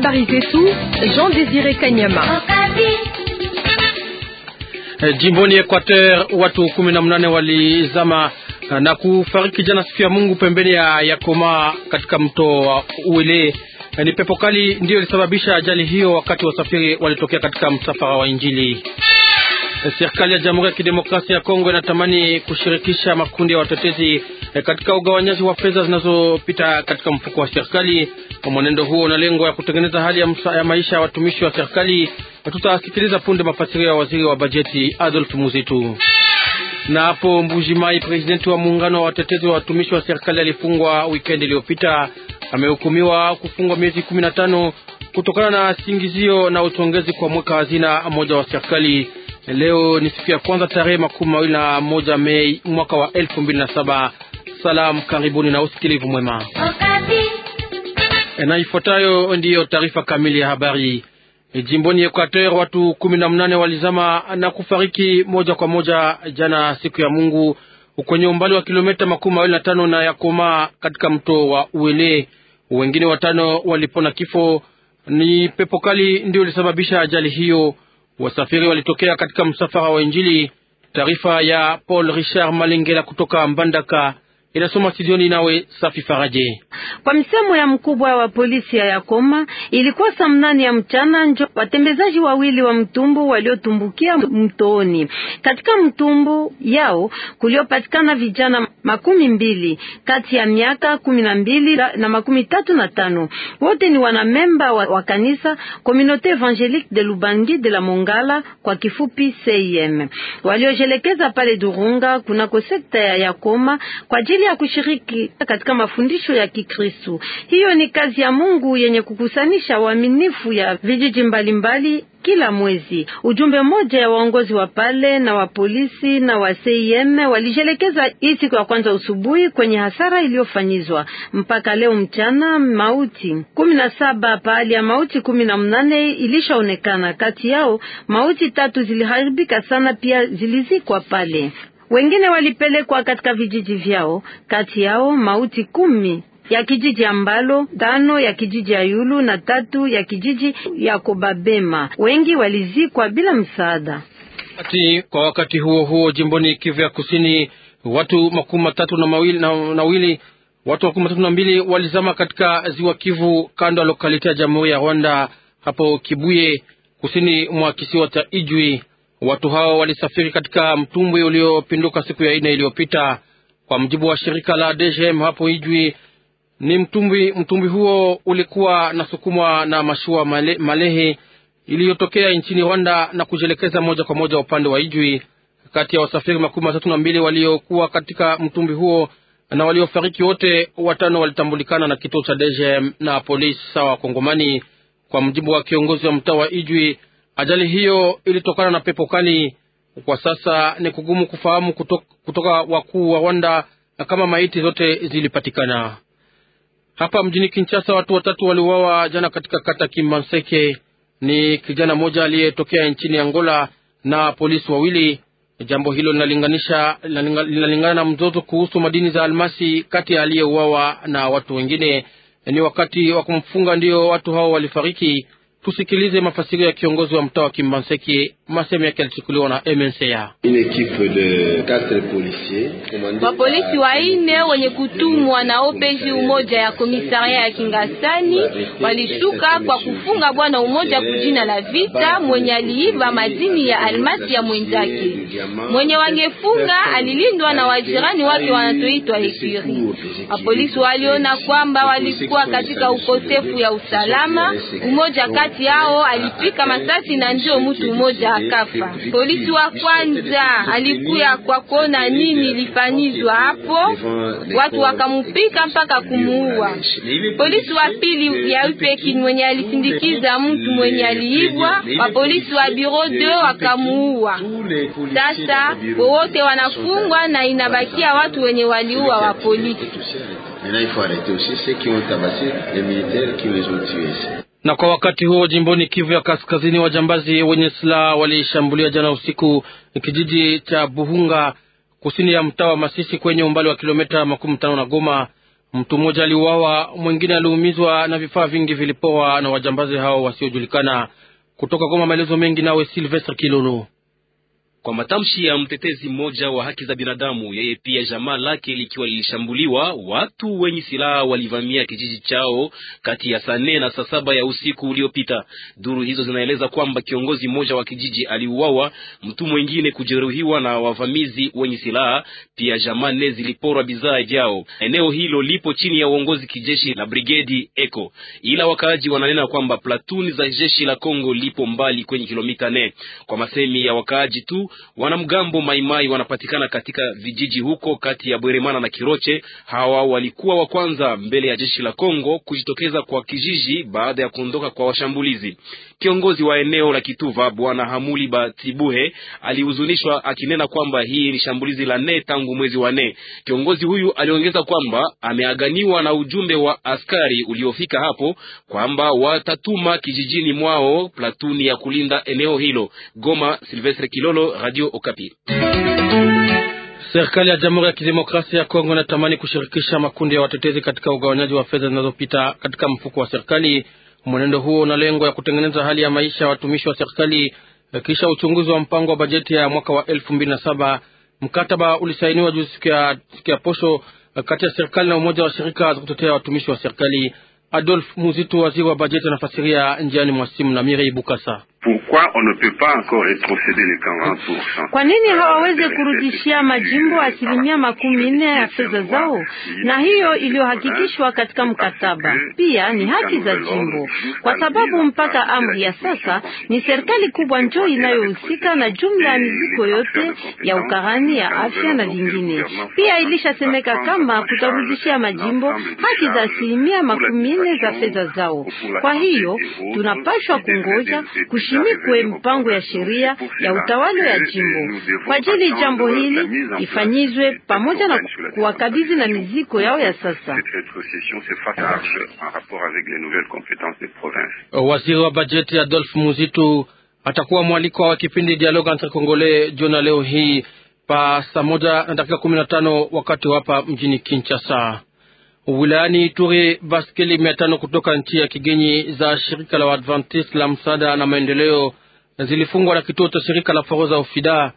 Habari zetu Jean Désiré Kanyama. Eh, jimboni Equateur watu kumi na mnane walizama eh, na kufariki jana siku ya Mungu pembeni ya Yakoma katika mto wa Uele. Eh, ni pepo kali ndiyo ilisababisha ajali hiyo, wakati wasafiri walitokea katika msafara wa Injili. Serikali ya Jamhuri ya Kidemokrasia ya Kongo inatamani kushirikisha makundi ya watetezi e, katika ugawanyaji wa fedha zinazopita katika mfuko wa serikali. Mwenendo huo una lengo ya kutengeneza hali ya, msa, ya maisha ya watumishi wa serikali. Tutasikiliza punde mafasirio ya waziri wa bajeti Adolf Muzitu. Na hapo Mai, presidenti wa muungano wa watetezi wa watumishi wa serikali alifungwa wikendi iliyopita. Amehukumiwa kufungwa miezi kumi na tano kutokana na singizio na uchongezi kwa mweka hazina moja wa serikali. Leo ni siku ya kwanza tarehe makumi mawili na moja Mei mwaka wa elfu mbili na saba. Salam, karibuni na usikilivu mwema. E, na ifuatayo ndiyo taarifa kamili ya habari. E, jimboni Equateur watu kumi na mnane walizama na kufariki moja kwa moja jana siku ya Mungu kwenye umbali wa kilomita makumi mawili na tano na Yakoma katika mto wa Uele. Wengine watano walipona kifo. Ni pepo kali ndio ilisababisha ajali hiyo. Wasafiri walitokea katika msafara wa Injili. Taarifa ya Paul Richard Malengela kutoka Mbandaka. Inasoma studioni nawe Safi Faraje. Kwa msemo ya mkubwa wa polisi ya Yakoma, ilikuwa saa mnane ya mchana njo watembezaji wawili wa mtumbu waliotumbukia mtooni. Katika mtumbu yao kuliopatikana vijana makumi mbili kati ya miaka kumi na mbili na makumi tatu na tano. Wote ni wanamemba wa, wa kanisa Communauté Evangelique de Lubangi de la Mongala kwa kifupi CIM, waliojelekeza pale Durunga kunako sekta ya Yakoma kwa ajili ya kushiriki katika mafundisho ya Kikristo. Hiyo ni kazi ya Mungu yenye kukusanisha waaminifu ya vijiji mbalimbali mbali kila mwezi. Ujumbe mmoja ya waongozi wa pale na wa polisi na wa CIM walijelekeza hii siku ya kwanza usubuhi kwenye hasara iliyofanyizwa mpaka leo mchana. Mauti kumi na saba pahali ya mauti kumi na mnane ilishaonekana. Kati yao mauti tatu ziliharibika sana, pia zilizikwa pale wengine walipelekwa katika vijiji vyao, kati yao mauti kumi ya kijiji ya Mbalo, tano ya kijiji ya Yulu na tatu ya kijiji ya Kobabema. Wengi walizikwa bila msaada. Ati, kwa wakati huo huo jimboni Kivu ya Kusini watu makumi matatu na mawili, na, na wili, watu makumi matatu na mbili walizama katika ziwa Kivu kando ya lokalite ya Jamhuri ya Rwanda hapo Kibuye kusini mwa kisiwa cha Ijwi. Watu hao walisafiri katika mtumbwi uliopinduka siku ya ine iliyopita, kwa mjibu wa shirika la DGM hapo Ijwi. Ni mtumbwi mtumbwi huo ulikuwa nasukumwa na mashua male, malehe iliyotokea nchini Rwanda na kujielekeza moja kwa moja upande wa Ijwi. Kati ya wasafiri makumi matatu na mbili waliokuwa katika mtumbwi huo na waliofariki wote watano walitambulikana na kituo cha DGM na polisi sawa Kongomani, kwa mjibu wa kiongozi wa mtaa wa Ijwi. Ajali hiyo ilitokana na pepo kali. Kwa sasa ni kugumu kufahamu kutoka, kutoka wakuu wa Rwanda kama maiti zote zilipatikana. Hapa mjini Kinshasa watu watatu waliuawa jana katika kata Kimanseke. Ni kijana mmoja aliyetokea nchini Angola na polisi wawili. Jambo hilo linalinganisha linalingana na mzozo kuhusu madini za almasi kati ya aliyeuawa na watu wengine. Ni wakati wa kumfunga ndio watu hao walifariki. Tusikilize mafasirio ya kiongozi wa mtaa wa Kimbanseki, masemo yake yalichukuliwa na MNCA. Wapolisi waine wenye kutumwa na opeji umoja ya komisaria ya Kingasani walishuka kwa kufunga bwana umoja kujina la vita mwenye aliiba madini ya almasi ya mwenzake. Mwenye wangefunga alilindwa na wajirani wake wanatoitwa ekiri. Wapolisi waliona kwamba walikuwa katika ukosefu ya usalama umoja kati kati yao alipika masasi na ndio mtu mmoja akafa. Polisi wa kwanza alikuya kwa kuona nini ilifanyizwa hapo, watu wakamupika mpaka kumuua. Polisi wa pili ya upeki mwenye alisindikiza mtu mwenye aliibwa, wa polisi wa biro de wakamuua. Sasa wote wanafungwa na inabakia watu wenye waliua wa polisi. Maintenant, il faut arrêter aussi ceux qui ont tabassé les militaires qui les ont tués na kwa wakati huo jimboni Kivu ya Kaskazini, wajambazi wenye silaha walishambulia jana usiku kijiji cha Buhunga kusini ya mtaa wa Masisi kwenye umbali wa kilomita makumi tano na Goma. Mtu mmoja aliuawa, mwingine aliumizwa na vifaa vingi vilipoa na wajambazi hao wasiojulikana. Kutoka Goma, maelezo mengi nawe Silvestre Kilulu. Kwa matamshi ya mtetezi mmoja wa haki za binadamu, yeye pia jamaa lake likiwa lilishambuliwa, watu wenye silaha walivamia kijiji chao kati ya saa nne na saa saba ya usiku uliopita. Duru hizo zinaeleza kwamba kiongozi mmoja wa kijiji aliuawa, mtu mwingine kujeruhiwa na wavamizi wenye silaha. Pia jamaa nne ziliporwa bidhaa vyao. Eneo hilo lipo chini ya uongozi kijeshi la brigedi Eko, ila wakaaji wananena kwamba platuni za jeshi la Kongo lipo mbali kwenye kilomita nne. Kwa masemi ya wakaaji tu wanamgambo Maimai wanapatikana katika vijiji huko kati ya Bweremana na Kiroche. Hawa walikuwa wa kwanza mbele ya jeshi la Kongo kujitokeza kwa kijiji baada ya kuondoka kwa washambulizi. Kiongozi wa eneo la Kituva Bwana Hamuli Batibuhe alihuzunishwa akinena kwamba hii ni shambulizi la nne tangu mwezi wa nne. Kiongozi huyu aliongeza kwamba ameaganiwa na ujumbe wa askari uliofika hapo kwamba watatuma kijijini mwao platuni ya kulinda eneo hilo. Goma, Silvestre Kilolo, Radio Okapi. Serikali ya Jamhuri ya Kidemokrasia ya Kongo inatamani kushirikisha makundi ya watetezi katika ugawanyaji wa fedha zinazopita katika mfuko wa serikali. Mwenendo huo una lengo ya kutengeneza hali ya maisha ya watumishi wa serikali kisha uchunguzi wa mpango wa bajeti ya mwaka wa elfu mbili na saba. Mkataba ulisainiwa juzi siku ya posho kati ya serikali na umoja wa shirika za kutetea watumishi wa serikali. Adolf Muzitu, waziri wa bajeti, anafasiria njiani mwa simu na Mirei Bukasa. Kwa nini euh, hawawezi kurudishia majimbo asilimia makumi nne ya fedha zao, na hiyo iliyohakikishwa katika mkataba? Pia ni haki za jimbo, kwa sababu mpaka amri ya sasa ni serikali kubwa njo inayohusika na jumla ya mizigo yote ya ukarani ya afya na vingine. Pia ilishasemeka kama kutarudishia majimbo haki za asilimia makumi nne za fedha zao. Kwa hiyo tunapashwa kungoja kush kiwekwe mpango ya sheria ya utawala ya jimbo kwa ajili jambo hili ifanyizwe pamoja na kuwakabidhi na miziko yao ya sasa. Euh, waziri wa bajeti Adolf Muzitu atakuwa mwalikwa wa kipindi Dialogue entre Congolais jona leo hii pa saa moja na dakika kumi na tano wakati wapa mjini Kinshasa. Wilayani Ituri, baskeli mia tano kutoka nchi ya kigenyi za shirika la Waadventist la msaada na maendeleo zilifungwa na kituo cha shirika la foroza Ofida.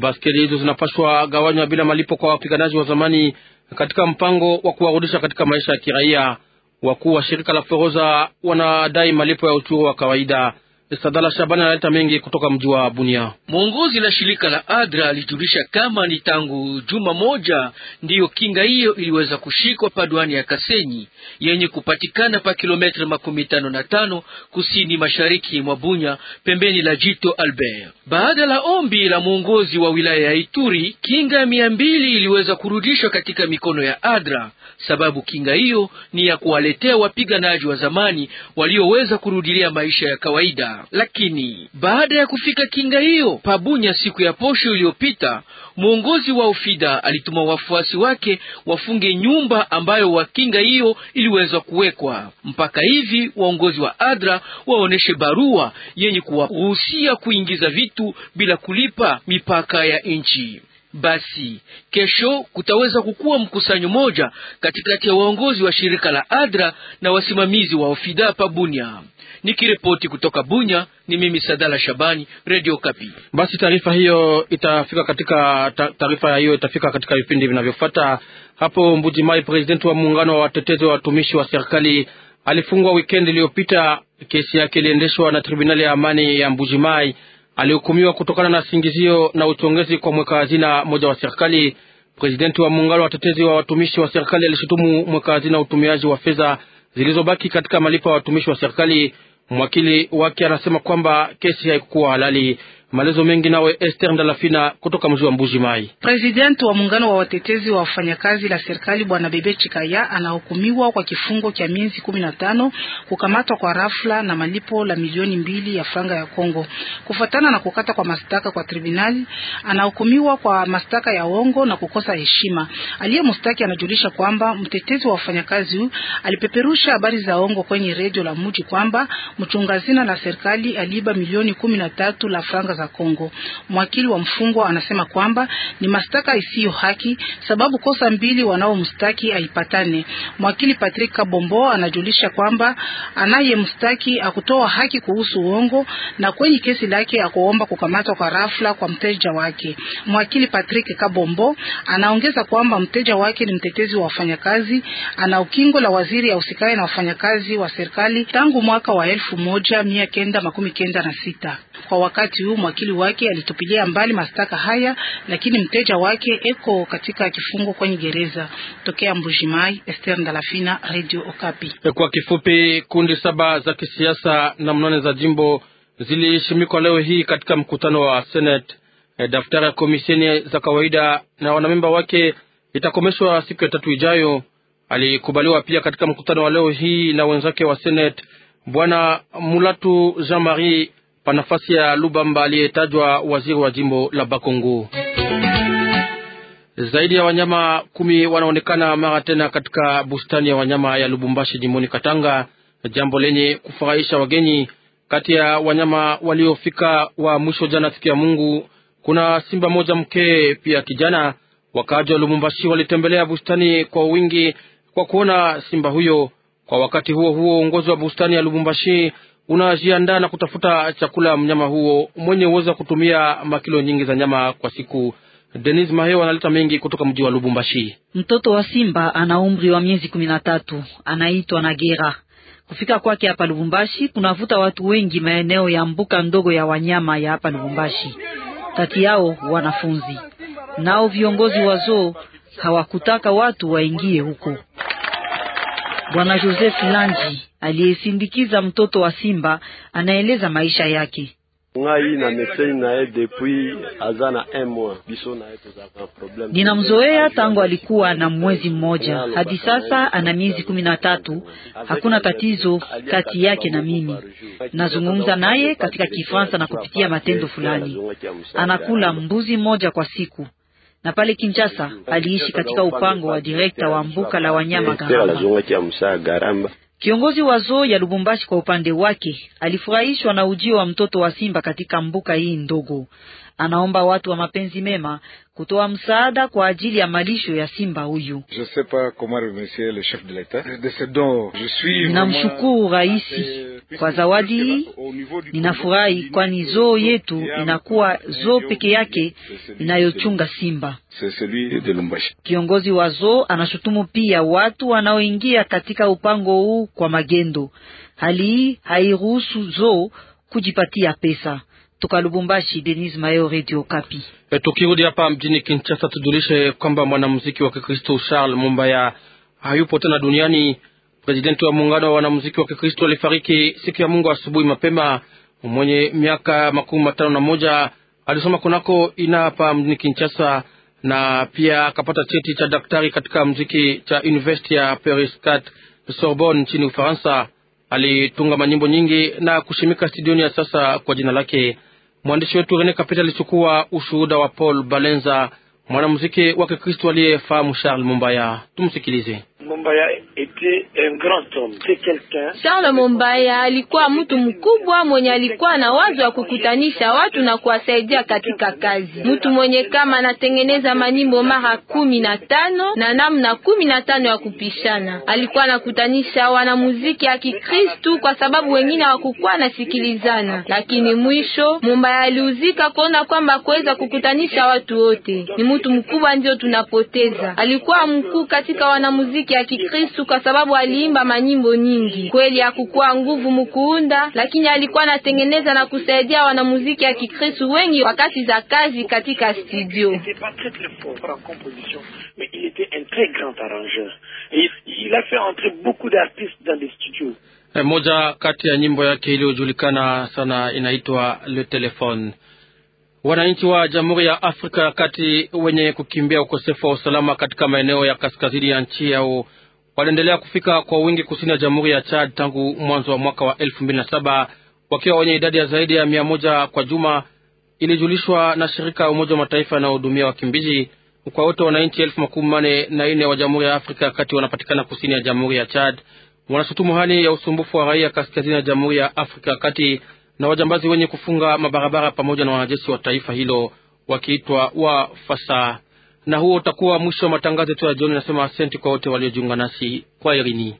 Baskeli hizo zinapashwa gawanywa bila malipo kwa wapiganaji wa zamani katika mpango wa kuwarudisha katika maisha ya kiraia. Wakuu wa shirika la foroza wanadai malipo ya uchuru wa kawaida. Sadala Shabani analeta mengi kutoka mji wa Bunia. Mwongozi la shirika la Adra alijulisha kama ni tangu juma moja ndiyo kinga hiyo iliweza kushikwa padwani ya Kasenyi yenye kupatikana pa kilometre makumi tano na tano kusini mashariki mwa Bunya, pembeni la jito Albert. Baada la ombi la mwongozi wa wilaya ya Ituri, kinga mia mbili iliweza kurudishwa katika mikono ya Adra, sababu kinga hiyo ni ya kuwaletea wapiganaji wa zamani walioweza kurudilia maisha ya kawaida. Lakini baada ya kufika kinga hiyo Pabunya siku ya posho iliyopita, mwongozi wa Ufida alituma wafuasi wake wafunge nyumba ambayo wakinga hiyo iliweza kuwekwa. Mpaka hivi waongozi wa ADRA waoneshe barua yenye kuwaruhusia kuingiza vitu bila kulipa mipaka ya nchi. Basi kesho kutaweza kukuwa mkusanyo moja katikati ya waongozi wa shirika la ADRA na wasimamizi wa Ofida Pabunia. Nikiripoti kutoka Bunya, ni mimi Sadala Shabani, Radio Kapi. Basi taarifa hiyo itafika katika taarifa hiyo itafika katika vipindi vinavyofuata. Hapo Mbuji Mai, presidenti wa muungano wa watetezi wa watumishi wa serikali alifungwa wikendi iliyopita. Kesi yake iliendeshwa na tribunali ya amani ya Mbuji Mai. Alihukumiwa kutokana na singizio na uchongezi kwa mweka hazina moja wa serikali. Presidenti wa muungano wa watetezi wa watumishi wa serikali alishutumu mweka hazina utumiaji wa fedha zilizobaki katika malipo ya watumishi wa serikali. Mwakili wake anasema kwamba kesi haikuwa halali Malezo mengi nawe Esther Ndalafina kutoka mji wa Mbuji Mai. President wa muungano wa watetezi wa wafanyakazi la serikali bwana Bebe Chikaya anahukumiwa kwa kifungo cha miezi 15 kukamatwa kwa rafla na malipo la milioni mbili ya franga ya Kongo. Kufuatana na kukata kwa mashtaka kwa tribunali, anahukumiwa kwa mashtaka ya uongo na kukosa heshima. mustaki anajulisha kwamba mtetezi wa wafanyakazi huyu alipeperusha habari za uongo kwenye redio la mji kwamba mchungazina na serikali aliiba milioni 13 la franga za Kongo. Mwakili wa mfungwa anasema kwamba ni mashtaka isiyo haki sababu kosa mbili wanaomstaki aipatane. Mwakili Patrick Kabombo anajulisha kwamba anayemstaki akutoa haki kuhusu uongo na kwenye kesi lake akuomba kukamatwa kwa rafla kwa mteja wake. Mwakili Patrick Kabombo anaongeza kwamba mteja wake ni mtetezi wa wafanyakazi, ana ukingo la waziri usikae na wafanyakazi wa serikali tangu mwaka wa elfu moja mia kenda makumi kenda na sita. Kwa wakati huu mwakili wake alitupilia mbali mashtaka haya, lakini mteja wake eko katika kifungo kwenye gereza. Tokea Mbujimai, Esther Ndalafina, Radio Okapi. E, kwa kifupi, kundi saba za kisiasa na mnane za jimbo zilishimikwa leo hii katika mkutano wa Senate. E, daftari ya komisheni za kawaida na wanamemba wake itakomeshwa siku ya tatu ijayo. Alikubaliwa pia katika mkutano wa leo hii na wenzake wa Senate Bwana Mulatu Jean Marie pa nafasi ya Lubamba aliyetajwa waziri wa jimbo la Bakongo. Zaidi ya wanyama kumi wanaonekana mara tena katika bustani ya wanyama ya Lubumbashi jimboni Katanga, jambo lenye kufurahisha wageni. Kati ya wanyama waliofika wa mwisho jana siku ya Mungu kuna simba moja mkee pia kijana. Wakaaji wa Lubumbashi walitembelea bustani kwa wingi kwa kuona simba huyo. Kwa wakati huo huo, uongozi wa bustani ya Lubumbashi unajiandaa na kutafuta chakula mnyama huo mwenye uwezo wa kutumia makilo nyingi za nyama kwa siku. Denis Maheo analeta mengi kutoka mji wa Lubumbashi. Mtoto wa simba ana umri wa miezi kumi na tatu, anaitwa Nagera. Kufika kwake hapa Lubumbashi kunavuta watu wengi maeneo ya mbuka ndogo ya wanyama ya hapa Lubumbashi, kati yao wanafunzi. Nao viongozi wa zoo hawakutaka watu waingie huko. Bwana Joseph Lanji aliyesindikiza mtoto wa simba anaeleza maisha yake. Ninamzoea tangu alikuwa na mwezi mmoja hadi sasa ana miezi kumi na tatu. Hakuna tatizo kati yake na mimi. Nazungumza naye katika Kifaransa na kupitia matendo fulani. Anakula mbuzi moja kwa siku na pale Kinshasa aliishi katika upango wa direkta wa mbuka la wanyama Garamba. Kiongozi wa zoo ya Lubumbashi kwa upande wake alifurahishwa na ujio wa mtoto wa simba katika mbuka hii ndogo anaomba watu wa mapenzi mema kutoa msaada kwa ajili ya malisho ya simba huyu. Ninamshukuru raisi kwa zawadi hii, ninafurahi kwani zoo yetu inakuwa zoo peke yake inayochunga simba. Kiongozi wa zoo anashutumu pia watu wanaoingia katika upango huu kwa magendo. Hali hii hairuhusu zoo kujipatia pesa. Toka Lubumbashi, Denis Mayo, Radio Kapi. E, tukirudi hapa mjini Kinshasa tujulishe kwamba mwanamuziki wa Kikristo Charles Mumbaya hayupo tena duniani. Presidenti wa muungano wa wanamuziki wa Kikristo alifariki siku ya Mungu asubuhi mapema. Mwenye miaka makumi matano na moja alisoma kunako ina hapa mjini Kinshasa na pia akapata cheti cha daktari katika muziki cha University ya Paris 4 Sorbonne nchini Ufaransa. Alitunga manyimbo nyingi na kushimika studioni ya sasa kwa jina lake. Mwandishi wetu Rene Kapita alichukua ushuhuda wa Paul Balenza, mwanamuziki wa Kikristo aliyefahamu Charles Mumbaya. Tumsikilize. Mumbaya Charles Mombaya alikuwa mtu mkubwa mwenye alikuwa na wazo ya kukutanisha watu na kuwasaidia katika kazi. Mtu mwenye kama anatengeneza manimbo mara kumi na tano na namna kumi na tano ya kupishana. Alikuwa anakutanisha wanamuziki ya Kikristu kwa sababu wengine hawakukuwa nasikilizana, lakini mwisho Mombaya aliuzika kuona kwamba kuweza kukutanisha watu wote. Ni mtu mkubwa, ndio tunapoteza. Alikuwa mkuu katika wanamuziki ya Kikristu kwa sababu aliimba manyimbo nyingi. Kweli hakukuwa nguvu mkuunda, lakini alikuwa anatengeneza na kusaidia wanamuziki ya Kikristo wengi wakati za kazi katika studio. Eh, moja kati ya nyimbo yake iliyojulikana sana inaitwa Le Telephone. Wananchi wa Jamhuri ya Afrika ya Kati wenye kukimbia ukosefu wa usalama katika maeneo ya kaskazini ya nchi yao waliendelea kufika kwa wingi kusini ya Jamhuri ya Chad tangu mwanzo wa mwaka wa saba wakiwa wenye idadi ya zaidi ya mia moja kwa juma, ilijulishwa na shirika ya Umoja wa Mataifa yanayohudumia wakimbizi. Kwa wote wananchi elfu makumi manne na nne wa Jamhuri ya Afrika ya Kati wanapatikana kusini ya Jamhuri ya Chad. Wanashutumu hali ya usumbufu wa raia kaskazini ya Jamhuri ya Afrika ya Kati na wajambazi wenye kufunga mabarabara pamoja na wanajeshi wa taifa hilo wakiitwa wafasa na huo utakuwa mwisho wa matangazo yetu ya jioni. Nasema asante kwa wote waliojiunga nasi kwa Irini.